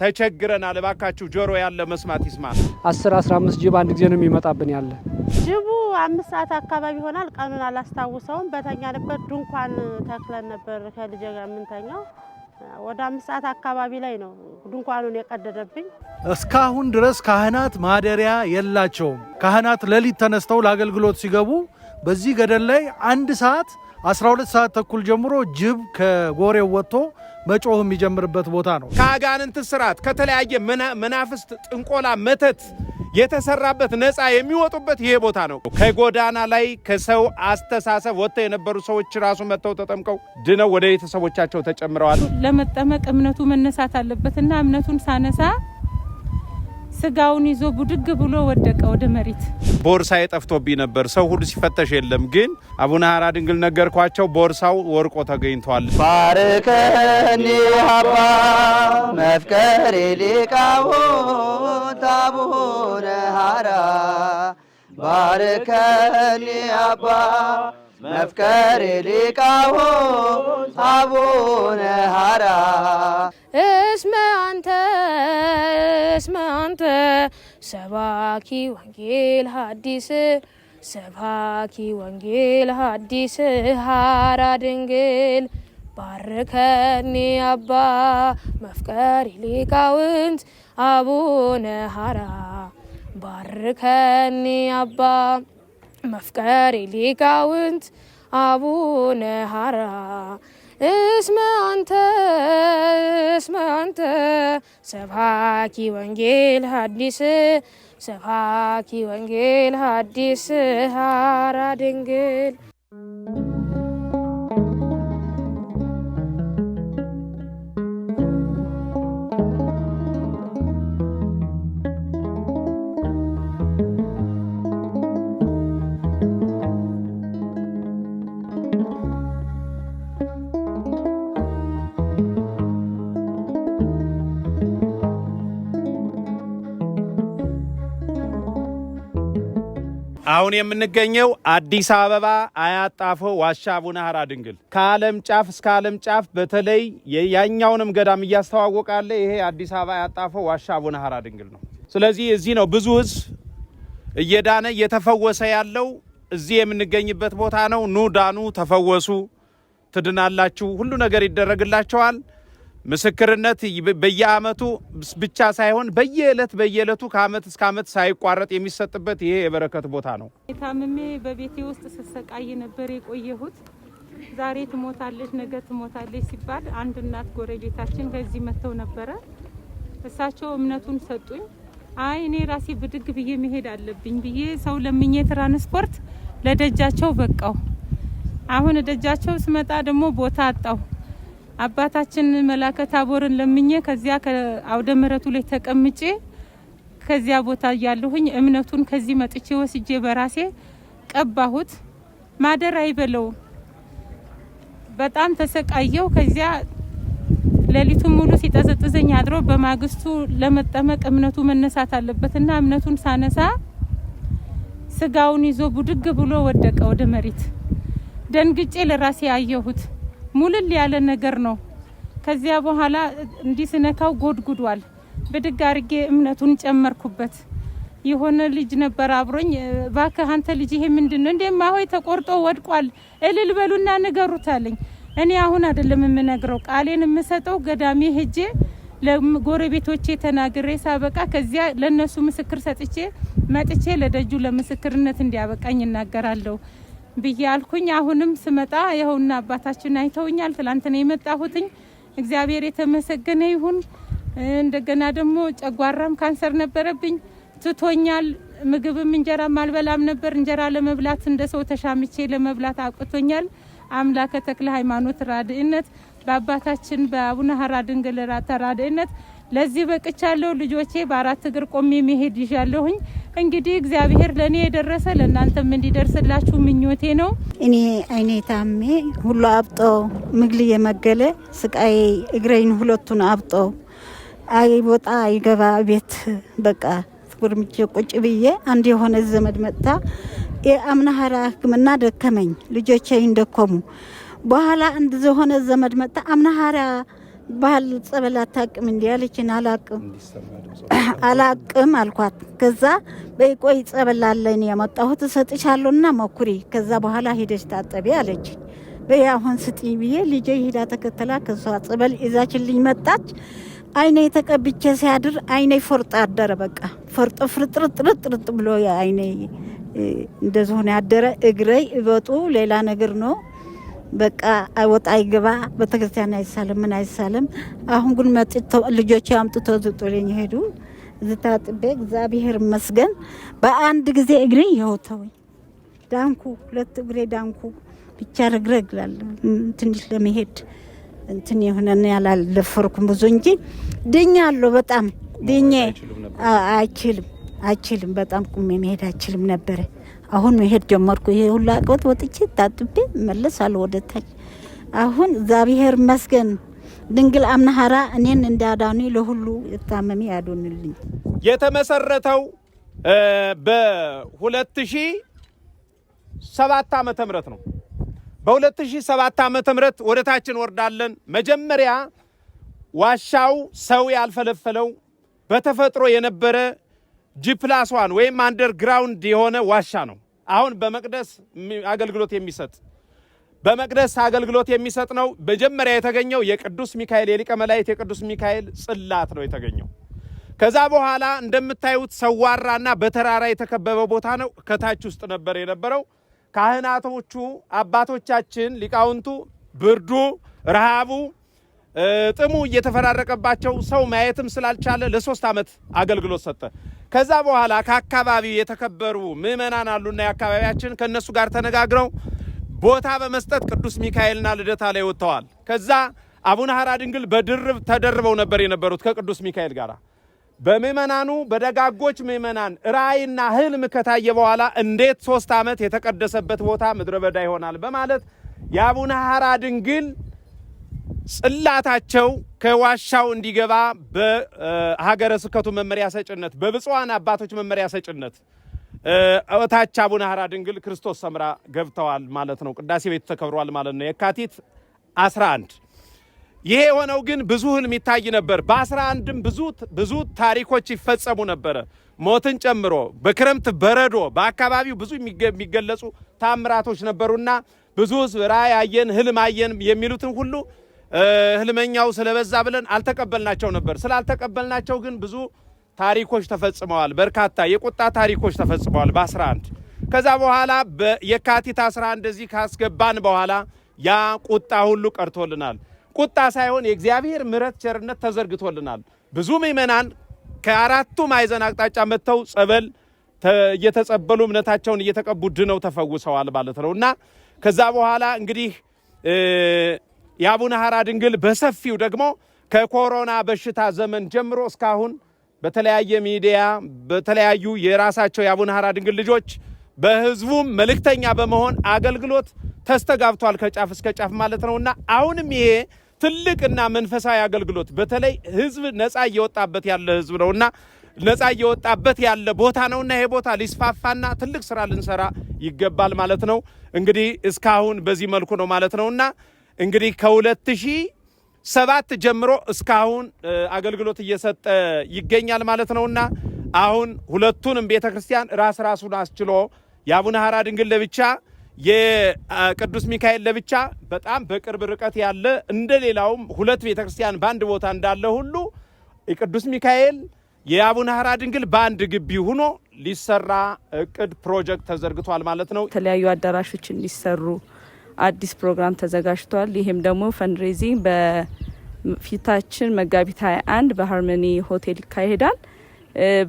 ተቸግረናል። እባካችሁ ጆሮ ያለ መስማት ይስማ። 10 15 ጅብ አንድ ጊዜ ነው የሚመጣብን ያለ ጅቡ አምስት ሰዓት አካባቢ ይሆናል። ቀኑን አላስታውሰውም። በተኛንበት ድንኳን ተክለን ነበር ከልጄ ጋር የምንተኛው። ወደ አምስት ሰዓት አካባቢ ላይ ነው ድንኳኑን የቀደደብኝ። እስካሁን ድረስ ካህናት ማደሪያ የላቸውም። ካህናት ሌሊት ተነስተው ለአገልግሎት ሲገቡ በዚህ ገደል ላይ አንድ ሰዓት 12 ሰዓት ተኩል ጀምሮ ጅብ ከጎሬው ወጥቶ መጮህ የሚጀምርበት ቦታ ነው። ከአጋንንት ስርዓት፣ ከተለያየ መናፍስት፣ ጥንቆላ፣ መተት የተሰራበት ነፃ የሚወጡበት ይሄ ቦታ ነው። ከጎዳና ላይ ከሰው አስተሳሰብ ወጥተው የነበሩ ሰዎች ራሱ መጥተው ተጠምቀው ድነው ወደ ቤተሰቦቻቸው ተጨምረዋል። ለመጠመቅ እምነቱ መነሳት አለበትና እምነቱን ሳነሳ ስጋውን ይዞ ቡድግ ብሎ ወደቀ ወደ መሬት። ቦርሳዬ ጠፍቶብኝ ነበር። ሰው ሁሉ ሲፈተሽ የለም፣ ግን አቡነ ሀራ ድንግል ነገርኳቸው። ቦርሳው ወርቆ ተገኝቷል። ባርከኒ ሀባ መፍቀሬ ሊቃውንት አቡነ ሀራ ባርከኒ አባ መፍቀር ሊቃሆን አቡነ ሀራ እስመ አንተ እስመ አንተ ሰባኪ ወንጌል ሀዲስ ሰባኪ ወንጌል ሀዲስ ሀራ ድንግል ባርከኒ አባ መፍቀሬ ሊቃውንት አቡነ ሀራ ባርከኒ አባ መፍቀር ሊቃውንት አቡነ ሀራ እስመ አንተ እስመ አንተ ሰብሃኪ ወንጌል ሀዲስ ሰብሃኪ ወንጌል ሀዲስ ሀራ ድንግል አሁን የምንገኘው አዲስ አበባ አያጣፈ ዋሻ አቡነ ሀራ ድንግል ከዓለም ጫፍ እስከ ዓለም ጫፍ በተለይ ያኛውንም ገዳም እያስተዋወቃለ ይሄ አዲስ አበባ አያት ዋሻ አቡነ ሀራ ድንግል ነው። ስለዚህ እዚህ ነው ብዙ ሕዝብ እየዳነ እየተፈወሰ ያለው እዚህ የምንገኝበት ቦታ ነው። ኑ ዳኑ፣ ተፈወሱ፣ ትድናላችሁ፣ ሁሉ ነገር ይደረግላቸዋል። ምስክርነት በየአመቱ ብቻ ሳይሆን በየዕለት በየዕለቱ ከአመት እስከ አመት ሳይቋረጥ የሚሰጥበት ይሄ የበረከት ቦታ ነው። ታምሜ በቤቴ ውስጥ ስሰቃይ ነበር የቆየሁት። ዛሬ ትሞታለች፣ ነገ ትሞታለች ሲባል አንድ እናት ጎረቤታችን ከዚህ መጥተው ነበረ። እሳቸው እምነቱን ሰጡኝ። አይ እኔ ራሴ ብድግ ብዬ መሄድ አለብኝ ብዬ ሰው ለምኜ ትራንስፖርት ለደጃቸው በቃው። አሁን ደጃቸው ስመጣ ደግሞ ቦታ አጣው። አባታችን መላከ ታቦርን ለምኜ ከዚያ ከአውደ ምረቱ ላይ ተቀምጬ ከዚያ ቦታ እያለሁኝ እምነቱን ከዚህ መጥቼ ወስጄ በራሴ ቀባሁት። ማደር አይበለው በጣም ተሰቃየው። ከዚያ ሌሊቱ ሙሉ ሲጠዘጥዘኝ አድሮ በማግስቱ ለመጠመቅ እምነቱ መነሳት አለበትና እምነቱን ሳነሳ ስጋውን ይዞ ቡድግ ብሎ ወደቀ ወደ መሬት። ደንግጬ ለራሴ አየሁት። ሙልል ያለ ነገር ነው። ከዚያ በኋላ እንዲስነካው ጎድጉዷል። ብድግ አርጌ እምነቱን ጨመርኩበት። የሆነ ልጅ ነበር አብሮኝ፣ እባክህ አንተ ልጅ ይሄ ምንድን ነው? እንዴ? ማሆይ ተቆርጦ ወድቋል። እልል በሉና አለኝ። እኔ አሁን አይደለም የምነግረው፣ ቃሌን የምሰጠው ገዳሜ ሄጄ ለጎረቤቶቼ ተናግሬ ሳበቃ ከዚያ ለእነሱ ምስክር ሰጥቼ መጥቼ ለደጁ ለምስክርነት እንዲያበቃኝ እናገራለሁ። ብዬ አልኩኝ። አሁንም ስመጣ ይኸውና አባታችን አይተውኛል። ትላንት ነው የመጣሁትኝ። እግዚአብሔር የተመሰገነ ይሁን። እንደገና ደግሞ ጨጓራም ካንሰር ነበረብኝ ትቶኛል። ምግብም እንጀራም አልበላም ነበር። እንጀራ ለመብላት እንደ ሰው ተሻምቼ ለመብላት አቅቶኛል። አምላከ ተክለ ሃይማኖት ራድእነት በአባታችን በአቡነ ሀራ ድንግል ተራድእነት ለዚህ በቅቻለሁ። ልጆቼ በአራት እግር ቆሜ መሄድ ይዣለሁኝ። እንግዲህ እግዚአብሔር ለእኔ የደረሰ ለእናንተም እንዲደርስላችሁ ምኞቴ ነው። እኔ አይኔ ታሜ ሁሉ አብጦ ምግል የመገለ ስቃይ እግረኝ ሁለቱን አብጦ አይወጣ አይገባ ቤት በቃ ጉርምቼ ቁጭ ብዬ አንድ የሆነ ዘመድ መጥታ የአምናሃራ ሕክምና ደከመኝ ልጆቼ እንደኮሙ በኋላ አንድ የሆነ ዘመድ መጣ አምናሃራ ባህል ጸበል አታቅም እንዲ ያለችን አላቅም አላቅም አልኳት። ከዛ በቆይ ጸበል አለን የመጣሁት እሰጥሻለሁና መኩሪ፣ ከዛ በኋላ ሄደች ታጠቢ አለች። በይ አሁን ስጢ ብዬ ልጄ ሄዳ ተከተላ ከሷ ጸበል ይዛችልኝ መጣች። አይኔ የተቀብቼ ሲያድር አይኔ ፎርጥ አደረ። በቃ ፈርጦ ፍርጥርጥርጥርጥ ብሎ አይኔ እንደዚህ ያደረ። እግረይ እበጡ ሌላ ነገር ነው በቃ አይወጣ አይገባ፣ ቤተክርስቲያን አይሳልም፣ ምን አይሳልም። አሁን ግን መጥቶ ልጆች አምጥቶ ዝጡልኝ ሄዱ። ዝታጥቤ እግዚአብሔር ይመስገን በአንድ ጊዜ እግሬ ይኸውተውኝ ዳንኩ። ሁለት እግሬ ዳንኩ። ብቻ ረግረግ ላለ ትንሽ ለመሄድ እንትን የሆነ ያላለፈርኩም ብዙ እንጂ አለሁ በጣም ድኜ አይችልም አይችልም። በጣም ቁሜ መሄድ አይችልም ነበረ አሁን መሄድ ጀመርኩ። ይሄ ሁሉ ቆጥ ወጥቼ ታጥቤ እመለሳለሁ ወደ ታች። አሁን እግዚአብሔር ይመስገን። ድንግል አምናሃራ እኔን እንዳዳኑ ለሁሉ የታመሚ ያዶንልኝ። የተመሰረተው በ2007 ዓመተ ምህረት ነው። በ2007 ዓመተ ምህረት ወደ ታች እንወርዳለን። መጀመሪያ ዋሻው ሰው ያልፈለፈለው በተፈጥሮ የነበረ ጂፕላስ ዋን ወይም አንደርግራውንድ የሆነ ዋሻ ነው። አሁን በመቅደስ አገልግሎት የሚሰጥ በመቅደስ አገልግሎት የሚሰጥ ነው። መጀመሪያ የተገኘው የቅዱስ ሚካኤል የሊቀ መላእክት የቅዱስ ሚካኤል ጽላት ነው የተገኘው። ከዛ በኋላ እንደምታዩት ሰዋራና በተራራ የተከበበ ቦታ ነው። ከታች ውስጥ ነበር የነበረው። ካህናቶቹ አባቶቻችን ሊቃውንቱ ብርዱ፣ ረሃቡ ጥሙ እየተፈራረቀባቸው ሰው ማየትም ስላልቻለ ለሶስት ዓመት አገልግሎት ሰጠ። ከዛ በኋላ ከአካባቢው የተከበሩ ምዕመናን አሉና የአካባቢያችን ከእነሱ ጋር ተነጋግረው ቦታ በመስጠት ቅዱስ ሚካኤልና ልደታ ላይ ወጥተዋል። ከዛ አቡነ ሐራ ድንግል በድርብ ተደርበው ነበር የነበሩት ከቅዱስ ሚካኤል ጋር። በምዕመናኑ በደጋጎች ምዕመናን ራእይና ህልም ከታየ በኋላ እንዴት ሶስት ዓመት የተቀደሰበት ቦታ ምድረ በዳ ይሆናል በማለት የአቡነ ሐራ ድንግል ጽላታቸው ከዋሻው እንዲገባ በሀገረ ስብከቱ መመሪያ ሰጭነት በብፁዓን አባቶች መመሪያ ሰጭነት እታች አቡነ ድንግል ክርስቶስ ሰምራ ገብተዋል ማለት ነው። ቅዳሴ ቤቱ ተከብሯል ማለት ነው። የካቲት 11 ይሄ የሆነው ግን ብዙ ህልም ይታይ ነበር። በ11ም ብዙ ታሪኮች ይፈጸሙ ነበረ። ሞትን ጨምሮ በክረምት በረዶ በአካባቢው ብዙ የሚገለጹ ታምራቶች ነበሩና ብዙ ህዝብ ራእይ አየን፣ ህልም አየን የሚሉትን ሁሉ ህልመኛው ስለበዛ ብለን አልተቀበልናቸው ነበር። ስላልተቀበልናቸው ግን ብዙ ታሪኮች ተፈጽመዋል። በርካታ የቁጣ ታሪኮች ተፈጽመዋል በ11 ከዛ በኋላ የካቲት 11 እዚህ ካስገባን በኋላ ያ ቁጣ ሁሉ ቀርቶልናል። ቁጣ ሳይሆን የእግዚአብሔር ምረት ቸርነት ተዘርግቶልናል። ብዙ ምእመናን ከአራቱ ማዕዘን አቅጣጫ መጥተው ጸበል እየተጸበሉ እምነታቸውን እየተቀቡ ድነው ተፈውሰዋል ማለት ነው እና ከዛ በኋላ እንግዲህ የአቡነ ሐራ ድንግል በሰፊው ደግሞ ከኮሮና በሽታ ዘመን ጀምሮ እስካሁን በተለያየ ሚዲያ በተለያዩ የራሳቸው የአቡነ ሐራ ድንግል ልጆች በህዝቡም መልእክተኛ በመሆን አገልግሎት ተስተጋብቷል፣ ከጫፍ እስከ ጫፍ ማለት እና አሁንም ይሄ ትልቅና መንፈሳዊ አገልግሎት በተለይ ህዝብ ነፃ እየወጣበት ያለ ህዝብ እና ነፃ እየወጣበት ያለ ቦታ ነው እና ይሄ ቦታ ሊስፋፋና ትልቅ ስራ ልንሰራ ይገባል ማለት ነው። እንግዲህ እስካሁን በዚህ መልኩ ነው ማለት እና እንግዲህ ከሁለት ሺህ ሰባት ጀምሮ እስካሁን አገልግሎት እየሰጠ ይገኛል ማለት ነውና አሁን ሁለቱንም ቤተ ክርስቲያን ራስ ራሱን አስችሎ የአቡነ ሐራ ድንግል ለብቻ የቅዱስ ሚካኤል ለብቻ በጣም በቅርብ ርቀት ያለ እንደ ሌላውም ሁለት ቤተ ክርስቲያን በአንድ ቦታ እንዳለ ሁሉ የቅዱስ ሚካኤል የአቡነ ሐራ ድንግል በአንድ ግቢ ሆኖ ሊሰራ እቅድ ፕሮጀክት ተዘርግቷል ማለት ነው። የተለያዩ አዳራሾች እንዲሰሩ አዲስ ፕሮግራም ተዘጋጅቷል። ይህም ደግሞ ፈንድሬዚንግ በፊታችን መጋቢት 21 በሀርመኒ ሆቴል ይካሄዳል።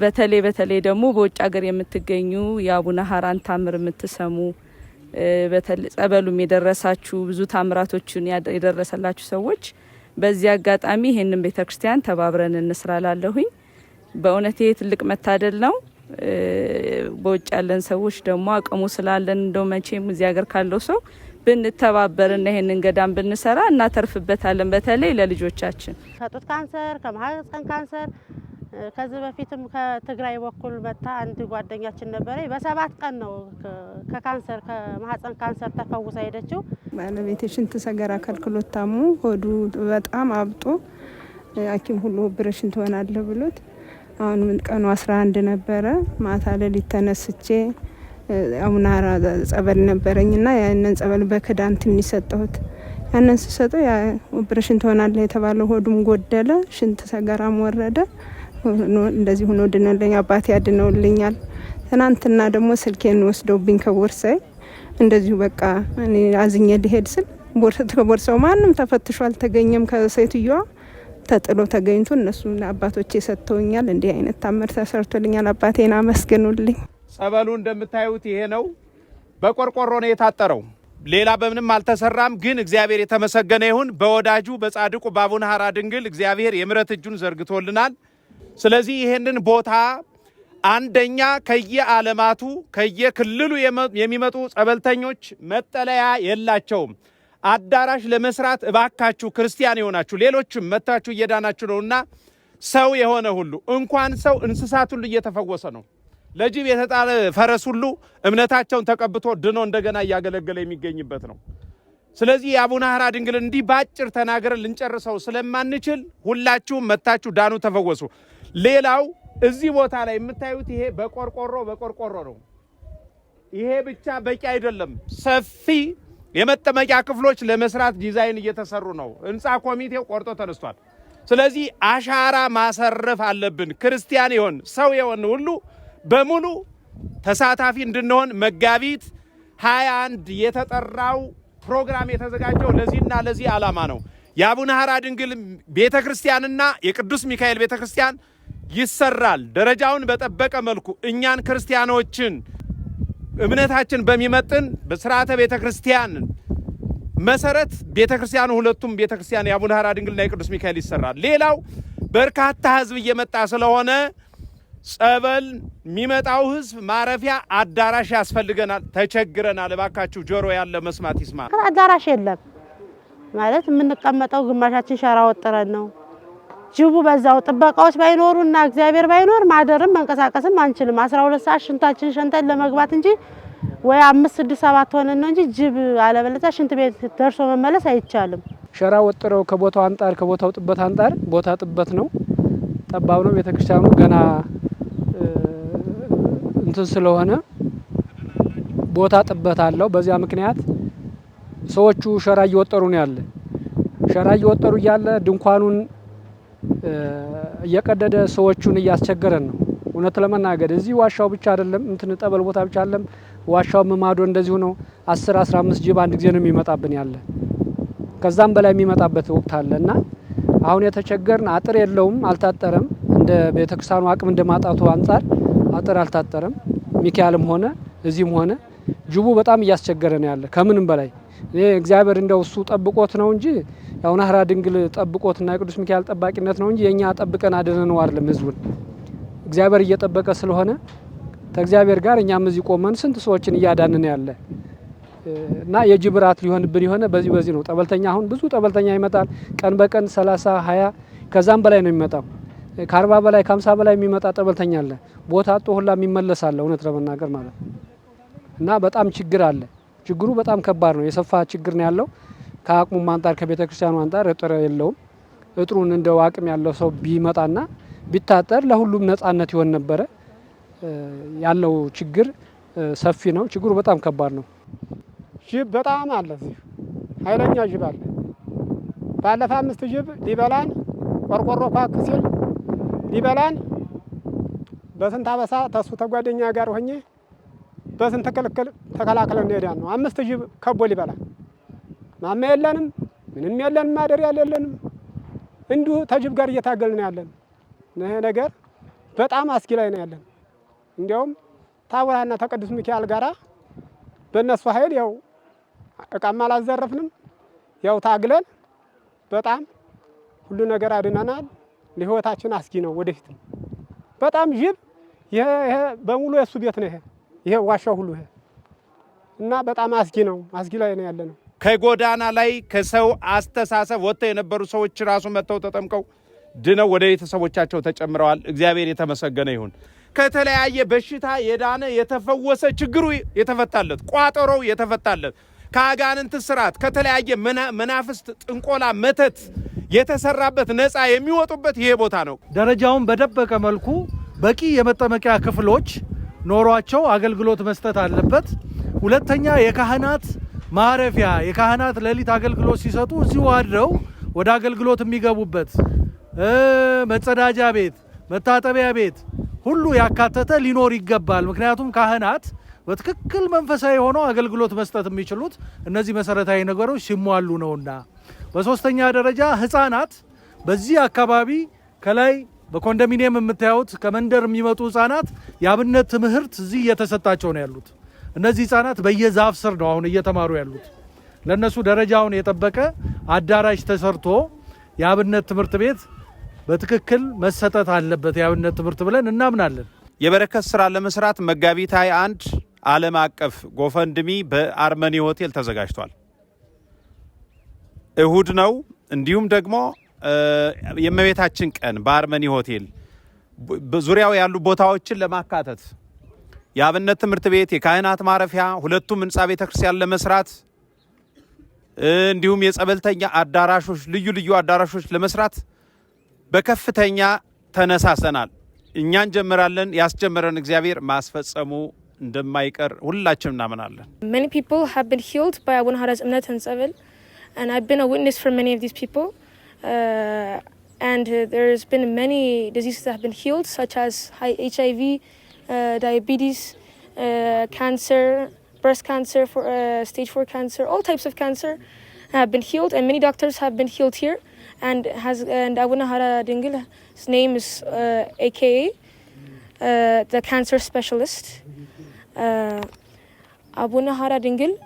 በተለይ በተለይ ደግሞ በውጭ ሀገር የምትገኙ የአቡነ ሀራን ታምር የምትሰሙ ጸበሉም የደረሳችሁ ብዙ ታምራቶችን የደረሰላችሁ ሰዎች በዚህ አጋጣሚ ይህንን ቤተ ክርስቲያን ተባብረን እንስራላለሁኝ። በእውነት ይሄ ትልቅ መታደል ነው። በውጭ ያለን ሰዎች ደግሞ አቅሙ ስላለን እንደው መቼም እዚህ ሀገር ካለው ሰው ብንተባበርና ይሄንን ገዳም ብንሰራ እናተርፍበታለን። በተለይ ለልጆቻችን ከጡት ካንሰር፣ ከማህፀን ካንሰር ከዚህ በፊትም ከትግራይ በኩል መታ አንድ ጓደኛችን ነበረ። በሰባት ቀን ነው ከካንሰር ከማህፀን ካንሰር ተፈውሳ ሄደችው። ባለቤቴ ሽንት ሰገራ አከልክሎት ታሞ ሆዱ በጣም አብጦ ሐኪም ሁሉ ኦፕሬሽን ትሆናለህ ብሎት አሁን ቀኑ አስራ አንድ ነበረ ማታ ለሊት ተነስቼ አቡናራ ጸበል ነበረኝ እና ያንን ጸበል በክዳን ትንሽ ሰጠሁት። ያንን ስሰጠው ኦፕሬሽን ትሆናለህ የተባለው ሆዱም ጎደለ፣ ሽንት ሰገራም ወረደ። እንደዚህ ሆኖ ድነልኝ፣ አባቴ ያድነውልኛል። ትናንትና ደግሞ ስልኬን ወስደውብኝ ከቦርሳዬ እንደዚሁ በቃ እኔ አዝኘ ሊሄድ ስል ከቦርሳው ማንም ተፈትሾ አልተገኘም። ከሴትዮዋ ተጥሎ ተገኝቶ እነሱ አባቶቼ ሰጥተውኛል። እንዲህ አይነት ታምር ተሰርቶልኛል። አባቴን አመስግኑልኝ። ጸበሉ እንደምታዩት ይሄ ነው። በቆርቆሮ ነው የታጠረው። ሌላ በምንም አልተሰራም። ግን እግዚአብሔር የተመሰገነ ይሁን። በወዳጁ በጻድቁ በአቡነ ሐራ ድንግል እግዚአብሔር የምረት እጁን ዘርግቶልናል። ስለዚህ ይህንን ቦታ አንደኛ ከየዓለማቱ ከየክልሉ የሚመጡ ጸበልተኞች መጠለያ የላቸውም። አዳራሽ ለመስራት እባካችሁ ክርስቲያን የሆናችሁ ሌሎችም መታችሁ እየዳናችሁ ነውና ሰው የሆነ ሁሉ እንኳን ሰው እንስሳት ሁሉ እየተፈወሰ ነው። ለጅብ የተጣለ ፈረስ ሁሉ እምነታቸውን ተቀብቶ ድኖ እንደገና እያገለገለ የሚገኝበት ነው። ስለዚህ የአቡነ ሐራ ድንግል እንዲህ በአጭር ተናገርን ልንጨርሰው ስለማንችል ሁላችሁም መታችሁ ዳኑ፣ ተፈወሱ። ሌላው እዚህ ቦታ ላይ የምታዩት ይሄ በቆርቆሮ በቆርቆሮ ነው። ይሄ ብቻ በቂ አይደለም። ሰፊ የመጠመቂያ ክፍሎች ለመስራት ዲዛይን እየተሰሩ ነው። ህንፃ ኮሚቴው ቆርጦ ተነስቷል። ስለዚህ አሻራ ማሰረፍ አለብን። ክርስቲያን የሆን ሰው የሆን ሁሉ በሙሉ ተሳታፊ እንድንሆን መጋቢት 21 የተጠራው ፕሮግራም የተዘጋጀው ለዚህና ለዚህ ዓላማ ነው። የአቡነ ሐራ ድንግል ቤተ ክርስቲያንና የቅዱስ ሚካኤል ቤተ ክርስቲያን ይሰራል። ደረጃውን በጠበቀ መልኩ እኛን ክርስቲያኖችን እምነታችን በሚመጥን በስርዓተ ቤተ ክርስቲያን መሰረት ቤተ ክርስቲያኑ ሁለቱም ቤተ ክርስቲያን የአቡነ ሐራ ድንግልና የቅዱስ ሚካኤል ይሰራል። ሌላው በርካታ ሕዝብ እየመጣ ስለሆነ ጸበል የሚመጣው ህዝብ ማረፊያ አዳራሽ ያስፈልገናል፣ ተቸግረናል። እባካችሁ ጆሮ ያለ መስማት ይስማ። አዳራሽ የለም ማለት የምንቀመጠው ግማሻችን ሸራ ወጥረን ነው። ጅቡ በዛው ጥበቃዎች እና እግዚአብሔር ባይኖር ማደርም መንቀሳቀስም አንችልም። አስራ ሁለት ሰዓት ሽንታችን ሸንተን ለመግባት እንጂ ወይ አምስት ስድስት ሰባት ሆነን ነው እንጂ ጅብ አለበለዚያ ሽንት ቤት ደርሶ መመለስ አይቻልም። ሸራ ወጥረው ከቦታው አንጻር ከቦታው ጥበት አንጻር ቦታ ጥበት ነው፣ ጠባብ ነው ቤተክርስቲያኑ ገና እንትን ስለሆነ ቦታ ጥበት አለው። በዚያ ምክንያት ሰዎቹ ሸራ እየወጠሩ ነው ያለ። ሸራ እየወጠሩ እያለ ድንኳኑን እየቀደደ ሰዎቹን እያስቸገረን ነው። እውነት ለመናገር እዚህ ዋሻው ብቻ አይደለም እንትን ጠበል ቦታ ብቻ አይደለም። ዋሻው ምማዶ እንደዚሁ ነው። 10 15 ጅብ አንድ ጊዜ ነው የሚመጣብን ያለ ከዛም በላይ የሚመጣበት ወቅት አለ እና አሁን የተቸገርን አጥር የለውም፣ አልታጠረም። እንደ ቤተክርስቲያኑ አቅም ማጣቱ አንጻር አጥር አልታጠረም። ሚካኤልም ሆነ እዚህም ሆነ ጅቡ በጣም እያስቸገረ ነው ያለ ከምንም በላይ እኔ እግዚአብሔር እንደው እሱ ጠብቆት ነው እንጂ ያው ናህራ ድንግል ጠብቆትና የቅዱስ ሚካኤል ጠባቂነት ነው እንጂ የእኛ ጠብቀን አደነ ነው አይደለም። ህዝቡን እግዚአብሔር እየጠበቀ ስለሆነ ከእግዚአብሔር ጋር እኛም እዚህ ቆመን ስንት ሰዎችን እያዳንን ያለ እና የጅብራት ሊሆንብን የሆነ በዚህ በዚህ ነው። ጠበልተኛ አሁን ብዙ ጠበልተኛ ይመጣል። ቀን በቀን ሰላሳ ሀያ ከዛም በላይ ነው የሚመጣው። ከአርባ በላይ ከሀምሳ በላይ የሚመጣ ጠበልተኛ አለ። ቦታ አጦ ሁላ የሚመለስ አለ። እውነት ለመናገር ማለት እና በጣም ችግር አለ። ችግሩ በጣም ከባድ ነው። የሰፋ ችግር ነው ያለው። ከአቅሙም አንጣር ከቤተ ክርስቲያኑ አንጣር እጥር የለውም። እጥሩን እንደው አቅም ያለው ሰው ቢመጣና ቢታጠር ለሁሉም ነጻነት ይሆን ነበረ። ያለው ችግር ሰፊ ነው። ችግሩ በጣም ከባድ ነው። ጅብ በጣም አለ። ኃይለኛ ጅብ አለ። ባለፈ አምስት ጅብ ሊበላን ቆርቆሮ ፓክ ሲል ሊበላን በስንት አበሳ ተሱ ተጓደኛ ጋር ሆኜ በስንት ክልክል ተከላክለን ሄዳን ነው። አምስት ጅብ ከቦ ሊበላን ማማ የለንም፣ ምንም የለንም፣ ማደሪያ የለንም። እንዲሁ ተጅብ ጋር እየታገልን ያለን ይሄ ነገር በጣም አስጊ ላይ ነው ያለን። እንዲያውም ታቦራና ተቅዱስ ሚካኤል ጋራ በእነሱ ኃይል ያው እቃም አላዘረፍንም። ያው ታግለን በጣም ሁሉ ነገር አድነናል። ለህይወታችን አስጊ ነው። ወደፊት በጣም ጅብ ይሄ በሙሉ የእሱ ቤት ነው። ይሄ ይሄ ዋሻው ሁሉ ይሄ እና በጣም አስጊ ነው። አስጊ ላይ ነው ያለ ነው። ከጎዳና ላይ ከሰው አስተሳሰብ ወጥተው የነበሩ ሰዎች ራሱ መጥተው ተጠምቀው ድነው ወደ ቤተሰቦቻቸው ተጨምረዋል። እግዚአብሔር የተመሰገነ ይሁን። ከተለያየ በሽታ የዳነ የተፈወሰ፣ ችግሩ የተፈታለት፣ ቋጠሮው የተፈታለት፣ ከአጋንንት ስርዓት ከተለያየ መናፍስት፣ ጥንቆላ፣ መተት የተሰራበት ነፃ የሚወጡበት ይሄ ቦታ ነው። ደረጃውን በደበቀ መልኩ በቂ የመጠመቂያ ክፍሎች ኖሯቸው አገልግሎት መስጠት አለበት። ሁለተኛ የካህናት ማረፊያ፣ የካህናት ሌሊት አገልግሎት ሲሰጡ እዚሁ አድረው ወደ አገልግሎት የሚገቡበት መጸዳጃ ቤት፣ መታጠቢያ ቤት ሁሉ ያካተተ ሊኖር ይገባል። ምክንያቱም ካህናት በትክክል መንፈሳዊ ሆነው አገልግሎት መስጠት የሚችሉት እነዚህ መሰረታዊ ነገሮች ሲሟሉ ነውና በሶስተኛ ደረጃ ህፃናት በዚህ አካባቢ ከላይ በኮንዶሚኒየም የምታዩት ከመንደር የሚመጡ ህፃናት የአብነት ትምህርት እዚህ እየተሰጣቸው ነው ያሉት። እነዚህ ህፃናት በየዛፍ ስር ነው አሁን እየተማሩ ያሉት። ለእነሱ ደረጃውን የጠበቀ አዳራሽ ተሰርቶ የአብነት ትምህርት ቤት በትክክል መሰጠት አለበት የአብነት ትምህርት ብለን እናምናለን። የበረከት ስራ ለመስራት መጋቢት 21 ዓለም አቀፍ ጎፈንድሚ በአርመኒ ሆቴል ተዘጋጅቷል። እሁድ ነው። እንዲሁም ደግሞ የእመቤታችን ቀን በአርመኒ ሆቴል ዙሪያው ያሉ ቦታዎችን ለማካተት የአብነት ትምህርት ቤት፣ የካህናት ማረፊያ፣ ሁለቱም ህንፃ ቤተ ክርስቲያን ለመስራት እንዲሁም የጸበልተኛ አዳራሾች፣ ልዩ ልዩ አዳራሾች ለመስራት በከፍተኛ ተነሳሰናል። እኛ እንጀምራለን፣ ያስጀመረን እግዚአብሔር ማስፈጸሙ እንደማይቀር ሁላችንም እናምናለን። And I've been a witness for many of these people. Uh, and uh, there's been many diseases that have been healed, such as HIV, uh, diabetes, uh, cancer, breast cancer, for, uh, stage 4 cancer, all types of cancer have been healed. And many doctors have been healed here. And has and Awunahara Dingil's name is AKA, uh, the cancer specialist. Uh, Abunahara Dingil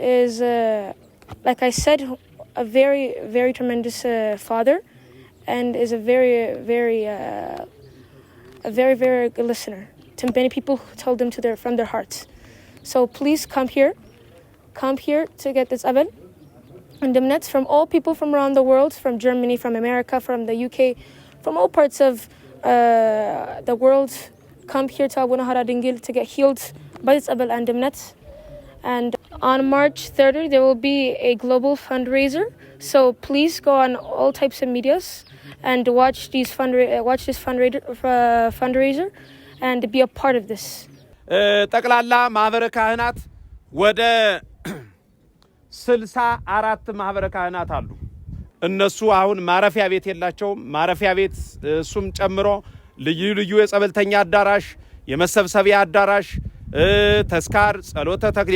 is like I said, a very, very tremendous uh, father and is a very, very, uh, a very, very good listener to many people who told them to their, from their hearts. So please come here. Come here to get this oven and demnets from all people from around the world, from Germany, from America, from the UK, from all parts of uh, the world. Come here to Abu Nahara Dingil to get healed by this Abel and demnets. And on March 3rd, there will be a global fundraiser. So please go on all types of medias and watch these fundra- uh, watch this fundraiser uh, fundraiser and be a part of this. Uh, ጠቅላላ ማህበረ ካህናት ወደ ስልሳ አራት ማህበረ ካህናት አሉ። እነሱ አሁን ማረፊያ ቤት የላቸውም። ማረፊያ ቤት እሱም ጨምሮ ልዩ ልዩ የጸበልተኛ አዳራሽ፣ የመሰብሰቢያ አዳራሽ ተስካር ጸሎተ ተክል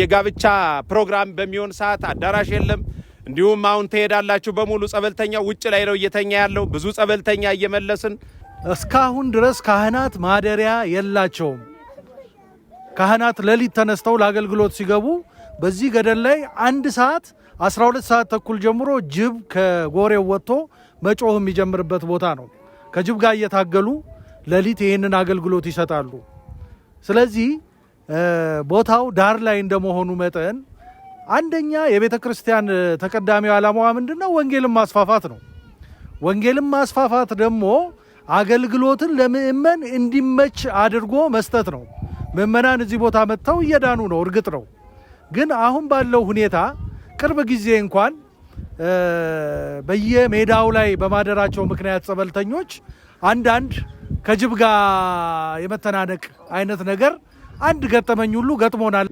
የጋብቻ ፕሮግራም በሚሆን ሰዓት አዳራሽ የለም። እንዲሁም አሁን ትሄዳላችሁ በሙሉ ጸበልተኛ ውጭ ላይ ነው እየተኛ ያለው። ብዙ ጸበልተኛ እየመለስን እስካሁን ድረስ ካህናት ማደሪያ የላቸውም። ካህናት ሌሊት ተነስተው ለአገልግሎት ሲገቡ በዚህ ገደል ላይ አንድ ሰዓት 12 ሰዓት ተኩል ጀምሮ ጅብ ከጎሬው ወጥቶ መጮህ የሚጀምርበት ቦታ ነው። ከጅብ ጋር እየታገሉ ሌሊት ይህንን አገልግሎት ይሰጣሉ። ስለዚህ ቦታው ዳር ላይ እንደመሆኑ መጠን አንደኛ የቤተ ክርስቲያን ተቀዳሚ ዓላማዋ ምንድን ነው? ወንጌልን ማስፋፋት ነው። ወንጌልን ማስፋፋት ደግሞ አገልግሎትን ለምእመን እንዲመች አድርጎ መስጠት ነው። ምእመናን እዚህ ቦታ መጥተው እየዳኑ ነው። እርግጥ ነው ግን አሁን ባለው ሁኔታ ቅርብ ጊዜ እንኳን በየሜዳው ላይ በማደራቸው ምክንያት ጸበልተኞች አንዳንድ ከጅብ ጋር የመተናነቅ አይነት ነገር አንድ ገጠመኝ ሁሉ ገጥሞናል።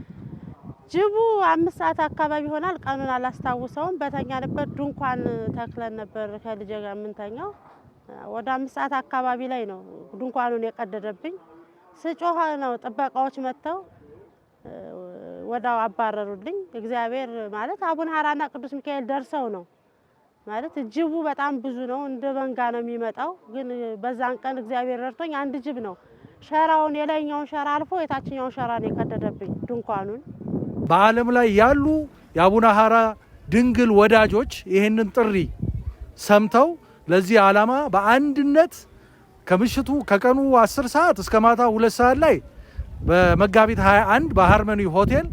ጅቡ አምስት ሰዓት አካባቢ ይሆናል፣ ቀኑን አላስታውሰውም። በተኛንበት ድንኳን ተክለን ነበር ከልጄ ጋር የምንተኛው። ወደ አምስት ሰዓት አካባቢ ላይ ነው ድንኳኑን የቀደደብኝ። ስጮኸ ነው ጥበቃዎች መጥተው ወዳው አባረሩልኝ። እግዚአብሔር ማለት አቡነ ሀራና ቅዱስ ሚካኤል ደርሰው ነው ማለት ጅቡ በጣም ብዙ ነው። እንደ መንጋ ነው የሚመጣው። ግን በዛን ቀን እግዚአብሔር ረድቶኝ አንድ ጅብ ነው ሸራውን የላይኛውን ሸራ አልፎ የታችኛውን ሸራ ነው የቀደደብኝ ድንኳኑን። በዓለም ላይ ያሉ የአቡነ ድንግል ወዳጆች ይህንን ጥሪ ሰምተው ለዚህ ዓላማ በአንድነት ከምሽቱ ከቀኑ 10 ሰዓት እስከ ማታ 2 ሰዓት ላይ በመጋቢት 21 በሃርመኒ ሆቴል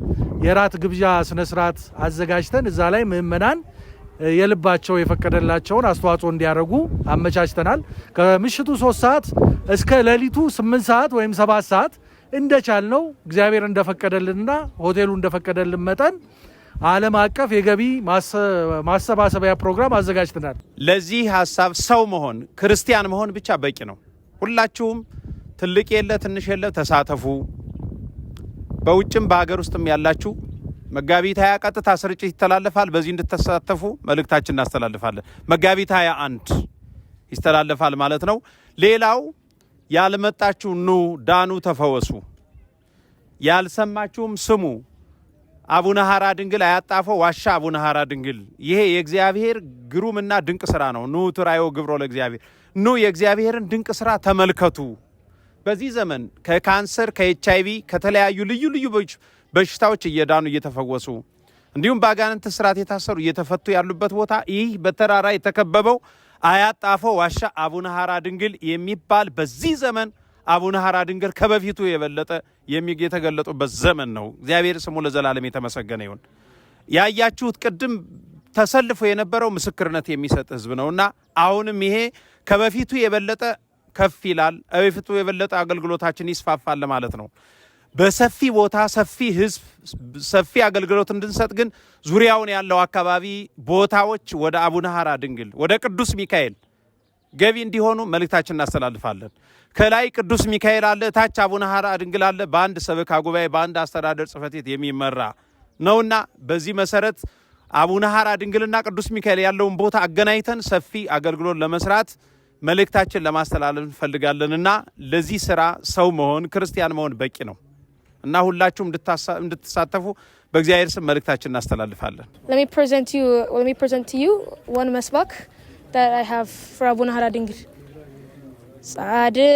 የራት ግብዣ ስነስርዓት አዘጋጅተን እዛ ላይ ምእመናን የልባቸው የፈቀደላቸውን አስተዋጽኦ እንዲያደርጉ አመቻችተናል። ከምሽቱ ሶስት ሰዓት እስከ ሌሊቱ ስምንት ሰዓት ወይም ሰባት ሰዓት እንደቻል ነው እግዚአብሔር እንደፈቀደልንና ሆቴሉ እንደፈቀደልን መጠን ዓለም አቀፍ የገቢ ማሰባሰቢያ ፕሮግራም አዘጋጅተናል። ለዚህ ሀሳብ ሰው መሆን ክርስቲያን መሆን ብቻ በቂ ነው። ሁላችሁም ትልቅ የለ ትንሽ የለ ተሳተፉ። በውጭም በሀገር ውስጥም ያላችሁ መጋቢት 20 ቀጥታ ስርጭት ይተላለፋል። በዚህ እንድትሳተፉ መልእክታችን እናስተላልፋለን። መጋቢት 21 ይተላለፋል ማለት ነው። ሌላው ያልመጣችሁ ኑ፣ ዳኑ፣ ተፈወሱ። ያልሰማችሁም ስሙ። አቡነ ሀራ ድንግል አያጣፈው ዋሻ አቡነ ሀራ ድንግል። ይሄ የእግዚአብሔር ግሩምና ድንቅ ስራ ነው። ኑ ትራዮ ግብሮ ለእግዚአብሔር ኑ፣ የእግዚአብሔርን ድንቅ ስራ ተመልከቱ። በዚህ ዘመን ከካንሰር ከኤች አይቪ ከተለያዩ ልዩ ልዩ በሽታዎች እየዳኑ እየተፈወሱ እንዲሁም በአጋንንት ስርዓት የታሰሩ እየተፈቱ ያሉበት ቦታ ይህ በተራራ የተከበበው አያጣፎ ዋሻ አቡነ ሐራ ድንግል የሚባል በዚህ ዘመን አቡነ ሐራ ድንግል ከበፊቱ የበለጠ የተገለጡበት ዘመን ነው። እግዚአብሔር ስሙ ለዘላለም የተመሰገነ ይሁን። ያያችሁት ቅድም ተሰልፎ የነበረው ምስክርነት የሚሰጥ ህዝብ እና አሁንም ይሄ ከበፊቱ የበለጠ ከፍ ይላል። ከበፊቱ የበለጠ አገልግሎታችን ይስፋፋል ማለት ነው። በሰፊ ቦታ ሰፊ ህዝብ ሰፊ አገልግሎት እንድንሰጥ ግን ዙሪያውን ያለው አካባቢ ቦታዎች ወደ አቡነ ሐራ ድንግል ወደ ቅዱስ ሚካኤል ገቢ እንዲሆኑ መልእክታችን እናስተላልፋለን። ከላይ ቅዱስ ሚካኤል አለ፣ እታች አቡነ ሐራ ድንግል አለ። በአንድ ሰበካ ጉባኤ በአንድ አስተዳደር ጽሕፈት ቤት የሚመራ ነውና በዚህ መሰረት አቡነ ሐራ ድንግልና ቅዱስ ሚካኤል ያለውን ቦታ አገናኝተን ሰፊ አገልግሎት ለመስራት መልእክታችን ለማስተላለፍ እንፈልጋለንና ለዚህ ስራ ሰው መሆን ክርስቲያን መሆን በቂ ነው። እና ሁላችሁም እንድትሳተፉ በእግዚአብሔር ስም መልእክታችን እናስተላልፋለን። መስባክ ሀራ ድንግል ጻድቅ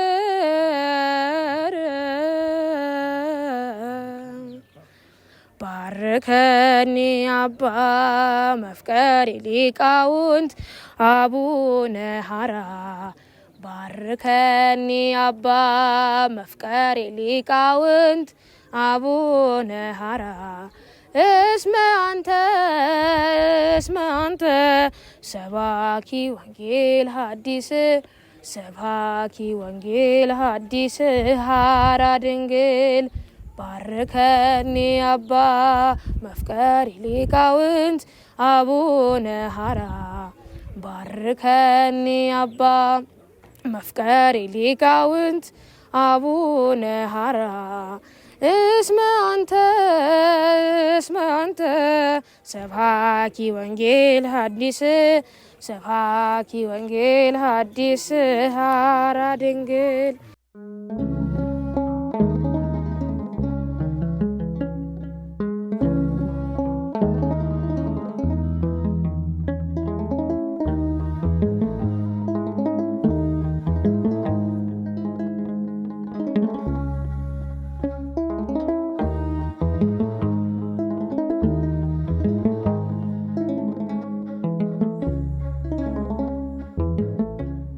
ይትርከኒ አባ መፍቀሪ ሊቃውንት አቡነ ሀራ ባርከኒ አባ መፍቀሪ ሊቃውንት አቡነ ሀራ እስመ አንተ እስመ አንተ ሰባኪ ወንጌል ሀዲስ ሰባኪ ወንጌል ሀዲስ ሀራ ድንግል ባርከኒ አባ መፍቀሪ ሊቃውንት አቡነ ሀራ ባርከኒ አባ መፍቀሪ ሊቃውንት አቡነ ሀራ እስመ አንተ እስመ አንተ ሰብሃኪ ወንጌል ሀዲስ ሰብሃኪ ወንጌል ሀዲስ ሀራ ድንግል